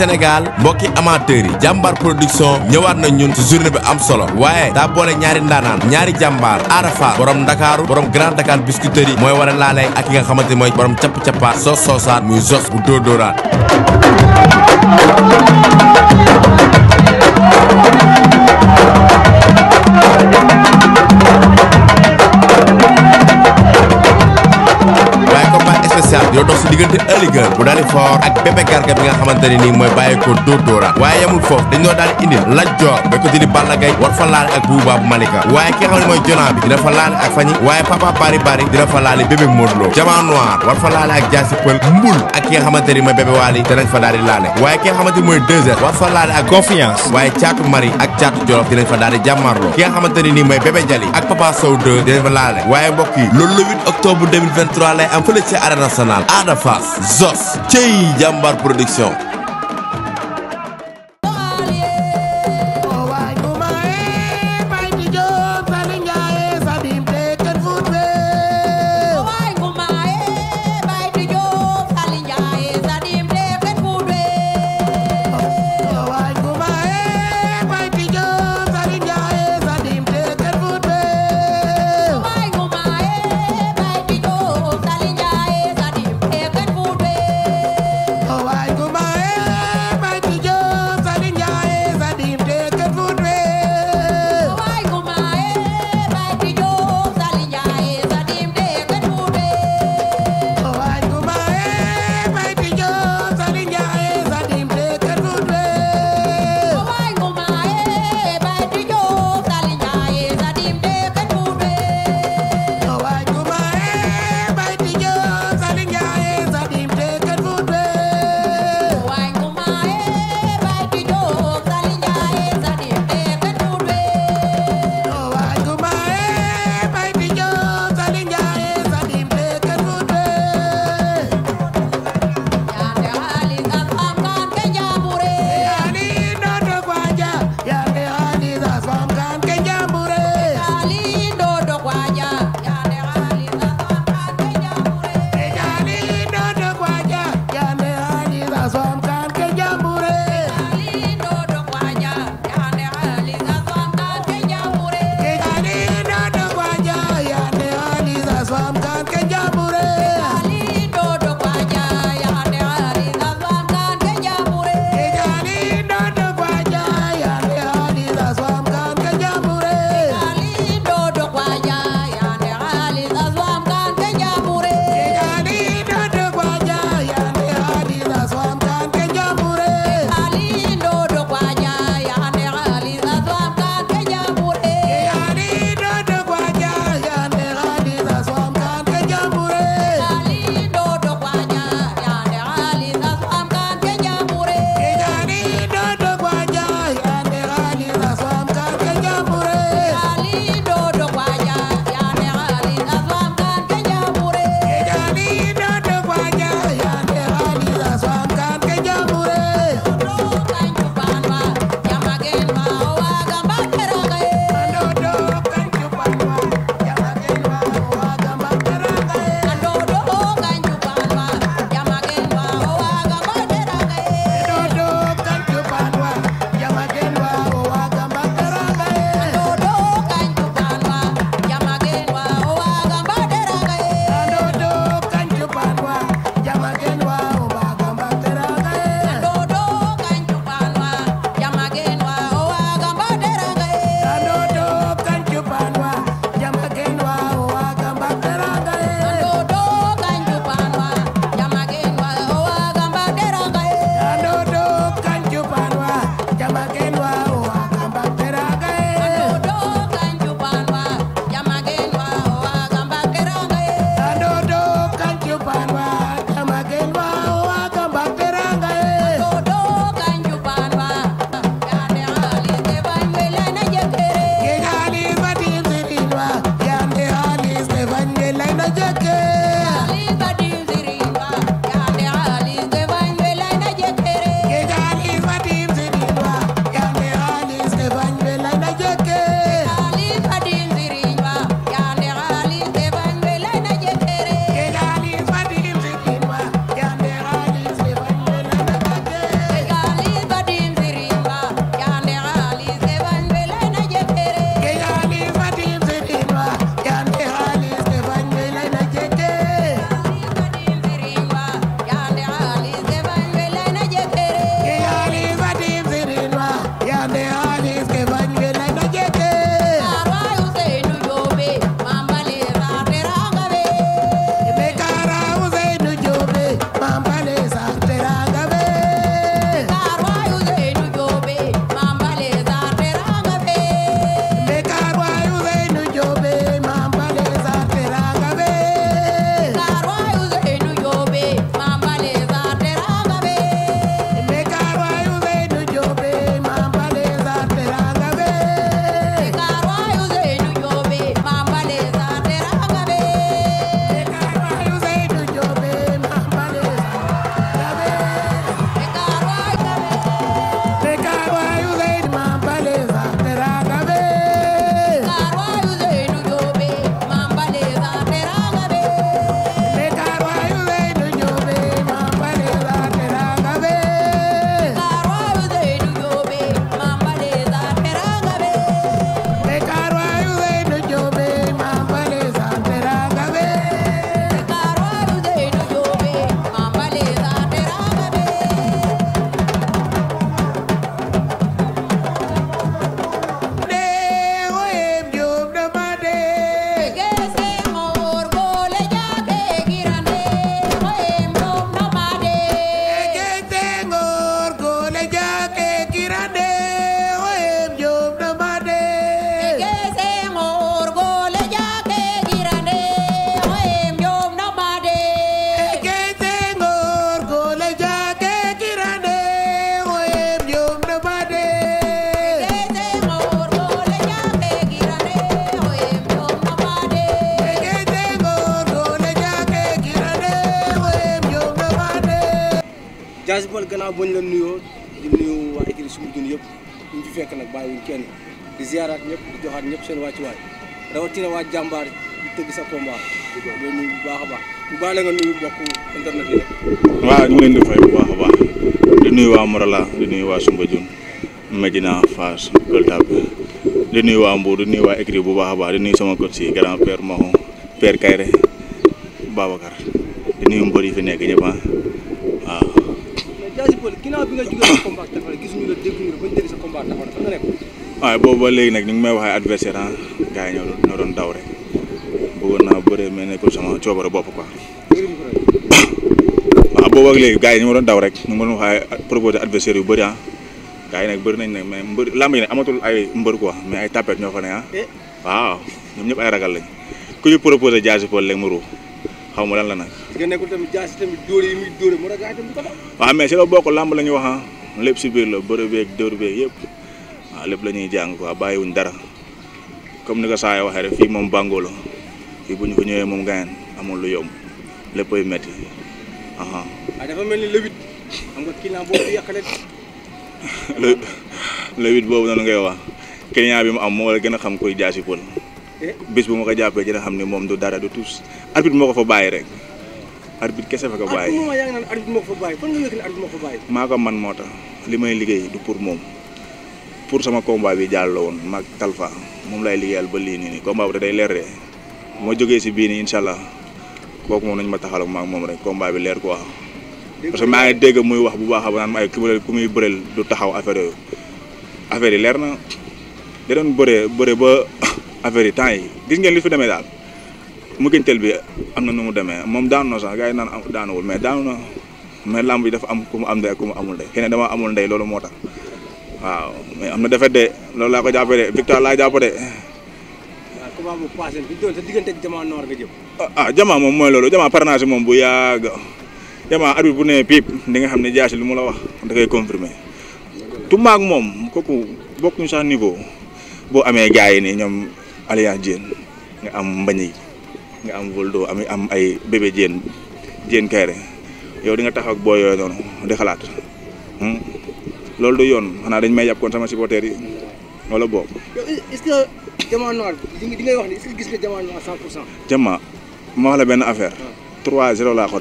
Sénégal mbokki amateurs yi jàmbaar production ñëwaat na ñun ci journée bi am solo waaye daa boole ñaari ndaanaan ñaari jàmbaar aarafaar borom ndakaaru borom Grand Dakar Biscuiterie mooy war a laalee ak ki nga xamante mooy borom capp-cappaat soos soosaat muy jos bu dóodóoraat spécial dina dox si diggante ëllëgër bu daal di fort ak bébé garga bi nga xamante ne nii mooy bàyyeekoo dóor dóoraat waaye yemul foofu dañ doon daal di indil la joor ba ko jëli Balla war fa laale ak Bouba Malika waaye ki nga mooy jonaa dina fa laale ak fañi waaye papa bari bari dina fa laale bébé Modou Lo war fa laale ak jaasi pël mbul ak ki xamante ni mooy bébé waali danañ fa daal laale waaye ki xamante mooy deux war fa laale ak confiance nationale Ada Fass Zos cey jàmbaar production Diassy Peulh gannaaw bañ la nuyoo di nuyu waa écurie fekk nag bàyyiwuñ kenn di ziaraat ñëpp di waa jàmbaar di tëgg sa combat loolu nuyu bu baax a baax bu baax la nga nuyu bokk internet di a baax di nuyu waa Morala di nuyu waa waa Mbour bu baax a baax di nuyu sama coach si grand père Mahon Kayre Babacar di nuyu mbër yi fi nekk ñëpp ah. Tafaly ginnaaw bi nga nekk. nag ni may waxee adversaire ah gars yi ñoo doon daw rek bëggoon naa bëree mais nekkul sama coobara bopp quoi. waaw boobu léegi gars yi ñoo doon daw rek ñu ngi doon waxee proposé adversaire yu bëri ah gars yi nag bëri nañ nag mais mbër làmb yi nag amatul ay mbër quoi mais ay tapet ñoo fa ne ah. Eh. waaw ñoom ñëpp ay ragal lañ ku ñu proposé jaasi pool léegi mu ruux xaw ma lan la nag. parce que nekkul tamit jaasi tamit dóor si la bokk làmb la wax ah lépp si biir la bëre beeg dóor beeg yëpp waaw lépp la ñuy jàng quoi bàyyiwuñ dara comme ni ko saa yoo waxee rek fii moom bàngoo la fii bu ñu ko moom gaañan amul lu yomb léppay métti. waaw ah, dafa mel ni boobu yàqale. le noonu ngay wax client bi mu am moo la gën a xam kuy jaasi pël. bis bu ma ko jàppee dina xam ne moom du dara du tuus arbitre moo ko fa bàyyi rek arbitre kese fa ko bàyyi. maa ko man moo tax li may liggéey du pour moom pour sama combat bi jàll la woon maag Talfa moom lay liggéeyal ba lii nii nii combat bi day leer de ma jógee si bii nii incha allah kooku moom nañ ma taxal maag moom rek combat bi leer quoi. parce que maa ngi dégg muy wax bu baax a ba naan ay ku muy bëreel du taxaw affaire yooyu affaire yi leer na da ba. affaire yi temps yi gis ngeen li fi demee daal mu gëntal bi am na nu mu demee moom daanu na sax gars yi naan am daanuwul mais daanu na mais làmb yi dafa am ku mu am ndey ku mu amul ndey xëy na dama amul moo tax waaw mais am na defet de loolu laa ko jàppee de laa jàpp de. comment mu passé diggante jamaa noor nga jëm. Ah, ah, jamaa moom mooy loolu jamaa parrainage moom bu yàgg jamaa at bi bu nee piip di nga xam ne jaasi lu mu la wax da koy confirmer tumaak moom kooku bokkuñu sax niveau boo amee gars nii Alias Diène nga am Mbagnick nga am Voldo am am ay bébé Diène Diène Kairé yow di nga taxaw ak boo yooyu noonu di xalaat hmm? loolu du yoon xanaa dañ may yàpp kon sama supporter yi wala boobu. est-ce ma wax la benn affaire. Ah. trois 0 laa ko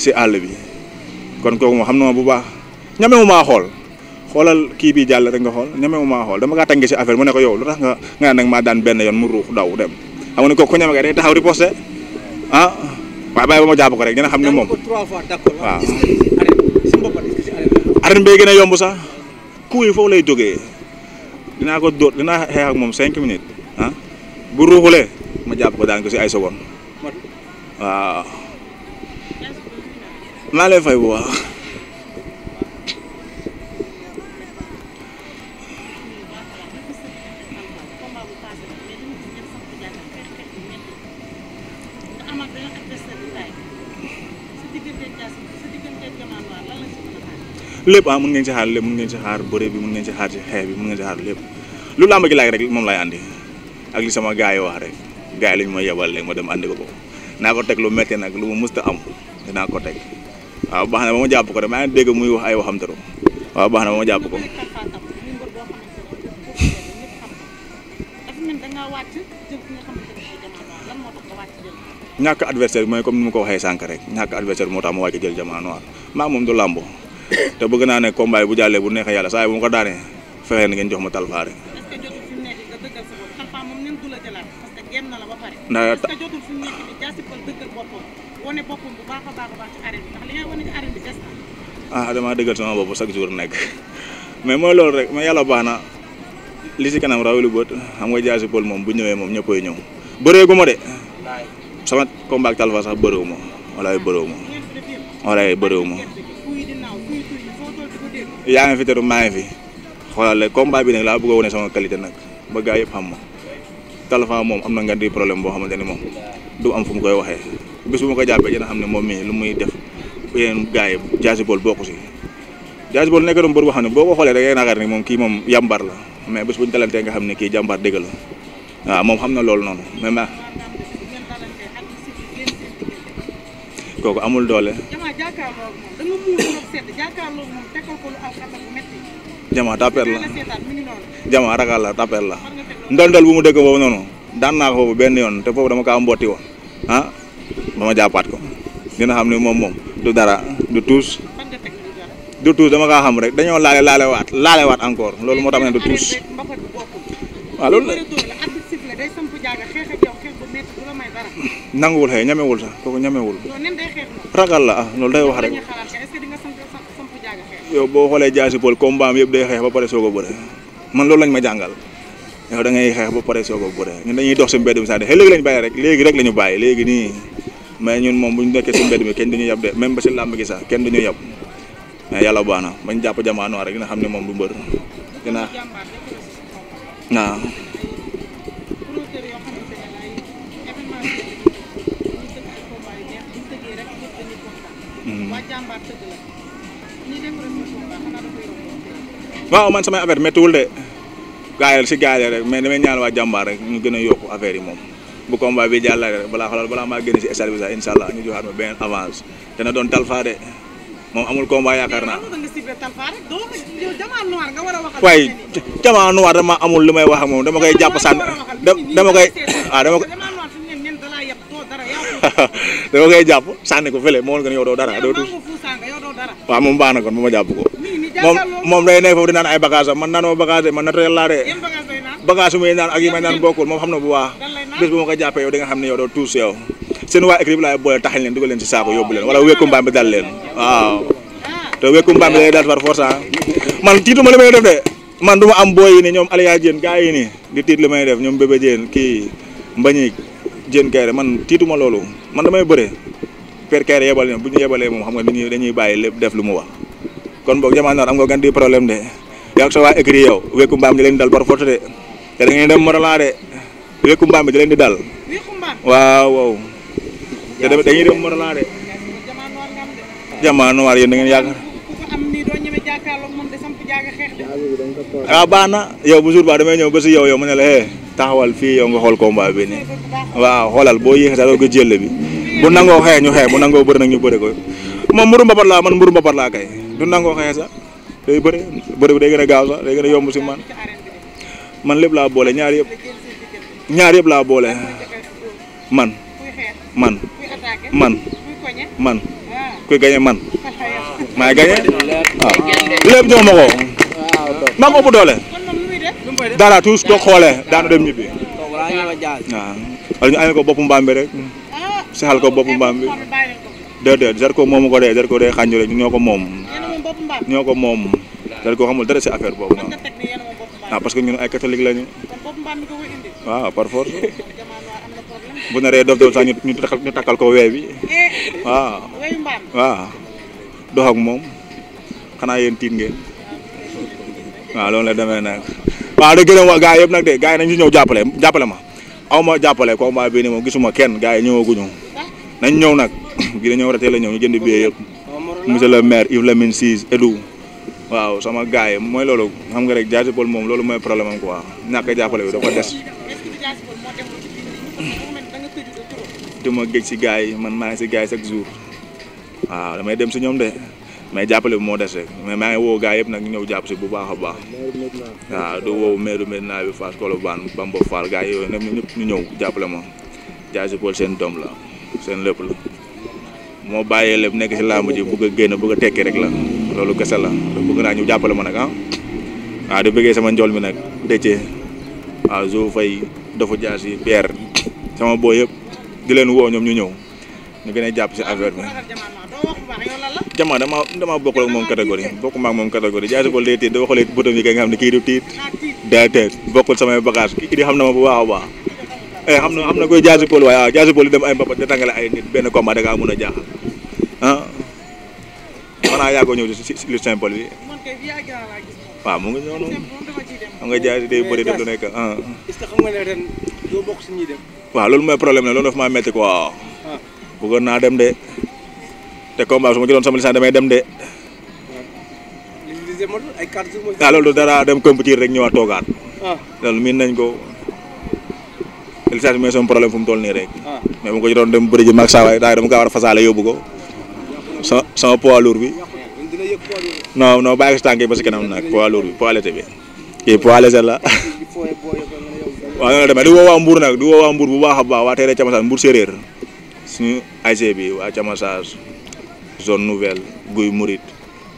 si àll bi. kon kooku ma xam na ma bu baax ñame mu maa xool. xoolal kii bii jàll rek nga xool ñemewu maa xool dama kaa tàngee si affaire mu ne ko yow lu tax nga nga naan nag maa daan benn yoon mu ruux daw dem xam nga ko ko ñeme nga day taxaw riposté ah waaye bàyyi ba ma jàpp ko rek dina xam ne moom waaw arène gën a yomb sax ku yi foofu lay jógee ko dóor moom cinq minutes ah bu ruuxulee ma jàpp ko daan ko si ay seconde waaw maa lay fay bu lépp ah mun ngeen ci xaar lépp mun ngeen ci xaar bëre bi mën ngeen ci xaar ci xeex bi mën ngeen ci xaar lépp lu làmb gi laaj rek moom laay andi ak li sama gars yi wax rek gars yi lañ ma yebal léegi dem andi ko ko naa ko teg lu métti nag lu mu musta am dinaa ko teg waaw baax na ba ma jàpp ko de maa muy wax ay waxam trop waaw baax na ba ma ko. ñàkk adversaire bi mooy comme ni ma ko waxee sànq rek ñàkk adversaire moo tax ma wàcc jël jamono noir ah. maa moom du làmbo te bëgg naa ne combat bu jàllee bu neexee yàlla saa yi bu ma ko daanee fexee na ngeen jox ma talfaare. na ta ah damaa dëggal sama bopp chaque jour nekk mais mooy loolu rek mais yàlla baax na li si kanam rawelu bët xam nga jaasi pël moom bu ñëwee moom ñëppay ñëw bëreegu ma de sama combat ak Talfa sax bëreewu ma walaay bëreewu ma walaay bëreewu ma yaa ngi fi teru maa ngi fi xoolal combat bi nag laa bëgg a wane sama nag ba gaa yëpp xam ma Talfa moom am na nga di problème boo xamante ni moom du am fu mu koy waxee bis bu ma ko jàppee dina xam ne moom mii lu muy def yeneen gaa yi Diassy Peulh bokku si Diassy Peulh nekk na mbër boo xam ne boo ko xoolee da ngay naakaar ni moom kii moom yàmbar la mais bis bu ñu talantee nga xam ne kii jàmbar dëgg la waaw moom xam na loolu noonu mais kooku amul doole. jama tapper la jama ragal la tapper la ndondol bu mu dëkk boobu noonu daan naa foofu benn yoon te foofu dama kaa mbotti woon ah dama jàppaat ko dina xam ne moom moom du dara du tuus du tuus dama kaa xam rek dañoo laale laale waat laale waat encore loolu moo tax ne du tuus waaw loolu nanguwul xëy ñamewul sax kooku ñamewul. ragal la ah loolu day wax rek. yow boo xoolee jaasi pool combat am yëpp day xeex ba pare ko a bëre man loolu lañ ma jàngal yow da ngay xeex ba pare soog a bëre ñun dañuy dox si mbedd mi sax de xëy léegi lañ bàyyi rek léegi rek bàyyi léegi nii mais ñun moom bu ñu nekkee si mbedd mi kenn duñu yab de même ba si làmb gi sax kenn duñu yab mais yàlla baax na bañ jàpp jamono rek dina xam ne moom bu mbër Mm-hmm. waaw man samay affaire méttiwul de gaayal si gaayal rek mais damay ñaan waa jàmbaar rek ñu gën a yokku affaire yi moom bu combat bi jàlla rek balaa xoolal balaa maa génn si stade sax incha allah ñu joxaat ma benn avance dana doon Talfa de moom amul combat yaakaar naa waaye jamaa noir dama amul li may wax ak moom dama koy jàpp sànni dama koy ah dama ko da nga koy jàpp sànni ko fële moo gën yow doo dara doo tuus waaw moom baax na kon ma jàpp ko moom moom day nekk foofu di naan ay bagage man man naanoo bagage man naturel laa de bagage muy naan ak yi may naan bokkul moom xam na bu baax bés bu ma ko jàppee yow di nga xam ne yow doo tuus yow seen waa équipe laay boole taxañ leen dugal leen si saako yóbbu leen wala wékku mbaam bi dal leen waaw ah. te wékku mbaam bi day dal par ah. man tiitu ma li may def man du ma am booy yi ñoom Aliou Diène gars yi ni di tiit li may def ñoom bébé Diène kii Mbagnick Diène Kairé man tiitu ma loolu man damay bëre per kayre yebal ñoom bu ñu yebalee moom xam nga dañuy dañuy bàyyi lépp def lu mu wax kon boog jamono am nga gan problème de yaa sa waa écrit yow wékku mbaam di leen dal par force de te da ngeen dem Morolan de wékku mbaam di leen di dal waaw waaw te dañuy dem Morolan de jamono noir yéen da ngeen yaakaar ah na yow bu jour ba damay ñëw ba si yow yow mu ne la eh taxawal fii yow nga xool combat bi nii waaw xoolal boo yéexee doo ko jël bi bu nangoo xeex ñu xeex bu nangoo bëri nag ñu bëri ko moom mburu mbapat laa man mburu mbapat laa kay du nangoo xeex sax day bëri bëri bi day gën a gaaw sax day gën a yomb si man man lépp laa boole ñaar yëpp ñaar yëpp laa boole man man man man kuy gañe man maay gañe waaw lépp jox ma ko maa ko bu doole dara tuus boo xoolee daanu dem ñibbi. waaw wala ñu amee ko boppu mbaam bi rek saxal ko boppu mbaam bi déedéet Zarko moomu ko dee Zarko dee xàññu rek ñoo ko moom ñoo ko moom Zarko xamul dara si affaire boobu noonu ah, parce que ñun ay catholique lañu waaw par force bu naree dof dof sax ñu takkal ko wee bi waaw waaw dox moom xanaa yéen tiit ngeen waaw loolu la demee nag. waaw da gërëm waa yëpp nag de gaay yi nañ si ñëw jàppale jàppale ma aw ma jàppale combat bii nii moom gisuma kenn gars yi ñëwaguñu nañ ñëw nag gi dañoo war a teel la ñëw ñu jënd billet yëpp monsieur le maire Yves Lamine Cissé Edou waaw sama gars yi mooy loolu xam nga rek Diassy moom loolu mooy problème am quoi ñàkk a jàppale bi dafa des duma géej si gars yi man maa ngi si gars yi chaque jour waaw damay dem si ñoom de mais jàppale bi moo des rek mais maa ngi woo gaa yëpp nag ñëw jàpp si bu baax a baax waaw du woowu maire Medina bi Fass Colobane Bamba Fall gars yooyu nag ñëpp ñu ñëw jàppale ma jaay seen doom la seen lépp la moo bàyyee nekk si làmb ji bëgg a génn bëgg tekki rek la loolu kese la bëgg naa ñu jàppale ma nag ah waaw di bëggee sama njool mi nag dëccee waaw Zou Faye dafa jaar si Pierre sama booy yëpp di leen woo ñoom ñu ñëw ñu gën a jàpp si affaire bi jamaa dama dama bokkul moom catégorie bokkuma moom catégorie jaay ko day tiit dafa xoolee daa tiit bokkul samay bagage kii di xam na ma bu baax a baax eh xam na koy jaasi pol waaye waaw ay mbapat di tàngale ay nit benn combat a jaaxal ah xanaa yaa ko ñëw si si lu mu ngi noonu xam nga jaasi day bëri def lu nekk ah. loolu mooy problème la loolu dafa maa métti quoi. Ah. bëggoon naa dem de. te combat su ma ci sama lisaan damay dem de. ah loolu dara dem compétir rek ñëwaat toogaat. Ah. loolu miin nañ ko. lisaan bi mooy sama problème fu mu toll nii rek. Ah. mais mu ko ci doon dem bëri ji mag saa waay dama kaa war a fasaale yóbbu ko. sama sama poids bi. non non bàyyi ko si tànk yi ba si kanam nag poids lourd bi poids léger bi kii poids léger la. waaw noonu la demee di woo nag di woo waa bu baax a baax waa Tere Camasage Mbour séeréer suñu AIC bi waa Camasage. zone nouvelle guy Mouride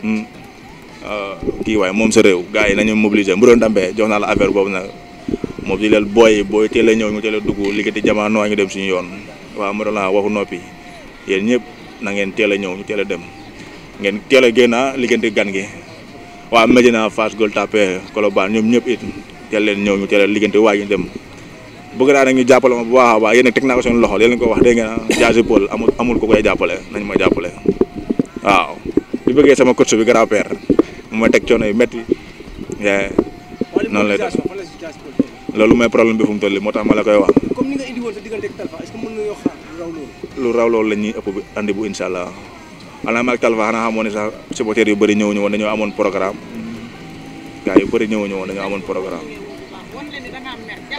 hmm. ah, kii waay moom sa réew gars yi nañu mobiliser mu doon dambee jox naa la affaire boobu nag moom si leel booy booy teel a ñëw ñu teel a dugg liggéey jamono dem suñu yoon waaw ma doon la noppi yéen ñëpp na ngeen teel a ñëw ñu teel a dem ngeen teel a génn ah, liggéeyante gan gi waaw Medina Fass Gueule Tapée Colobane ñoom ñëpp it teel leen ñëw ñu teele a liggéeyante waa ñu dem bëgg naa nag ñu jàppale ma bu baax a baax teg naa ko seen loxo yéen ko wax dégg ngeen jaasi ah, Paul amul amul ko koy jàppale nañ ma jàppale. waaw di bëggee sama coach bi grand père mu may teg coono yu métti noonu lay def loolu mooy problème bi fu mu toll moo tax ma la koy wax. comme ni nga lu raw loolu. lu la ñuy ëpp bi andi bu incha allah maanaam ak Talfa xanaa xamoon ne sax supporters yu bëri ñëwuñu woon dañoo amoon programme gars yu bëri ñëwuñu woon dañoo amoon programme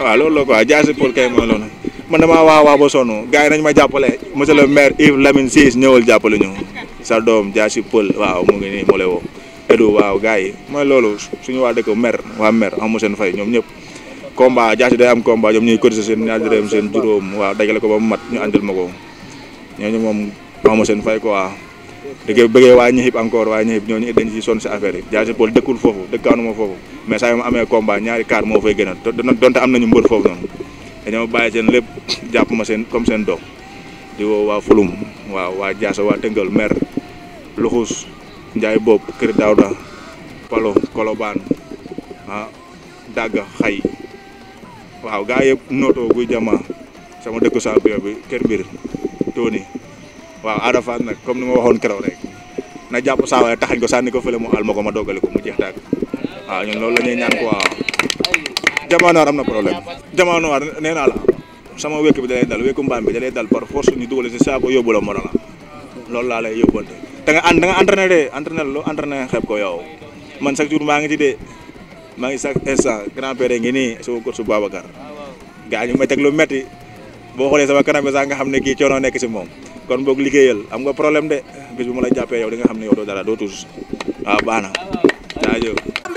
waaw loolu la quoi jaasi Paul kay mooy loolu. man damaa waa waa ba sonn gars yi nañ ma jàppale monsieur le maire Yves Lamine Ciss ñëwal jàppale ñu sa doom jaa si pël waaw mu ngi nii mu lay waaw gars yi mooy loolu suñu waa dëkk maire waa maire amu seen fay ñoom ñëpp combat jaa si day am combat ñoom ñuy cotiser seen ñaari dërëm seen juróom ko ba ñu àndil moom amu seen fay quoi dëgg bëggee waa ñi encore waa ñi xib ñooñu dañ ci sonn si affaire yi jaa si pël dëkkul foofu dëkkaanuma foofu mais saa yu amee combat ñaari kaar moo fay gën a donte am nañu mbër foofu dañoo bàyyi seen lépp jàpp ma seen comme seen doom di woo waa fulum waa waa jaasa waa tëngal mer luxus njaay bopp kër daawda palo kolobaan ah xay waaw gaa yëpp nootoo guy jama sama dëkku saa bio bi kër mbir tooni waaw Ada Fass nag comme ni ma waxoon keroog rek na jàpp saa waaye taxañ ko sànni ko fële mu àll ko ma doggali ko mu jeex tàgg waaw ñun loolu la ñuy ñaan quoi jamaanowaar am na problème jamaanowaar nee naa la sama wékk bi da lay dal wékku mbaam bi da lay dal par force ñu dugal si saako yóbbu la morola loolu laa lay yóbbante da nga an da nga entraîné de entraîné lu entraîné ko yow man chaque jour maa ngi ci de maa ngi chaque instant grand père ngi nii sama course Babacar gaa ñu may teg lu boo xoolee sama kanam bi sax nga xam ne kii coono nekk si moom kon boog liggéeyal am nga problème de bis bu ma la jàppee yow di nga xam ne yow dara doo tuus waaw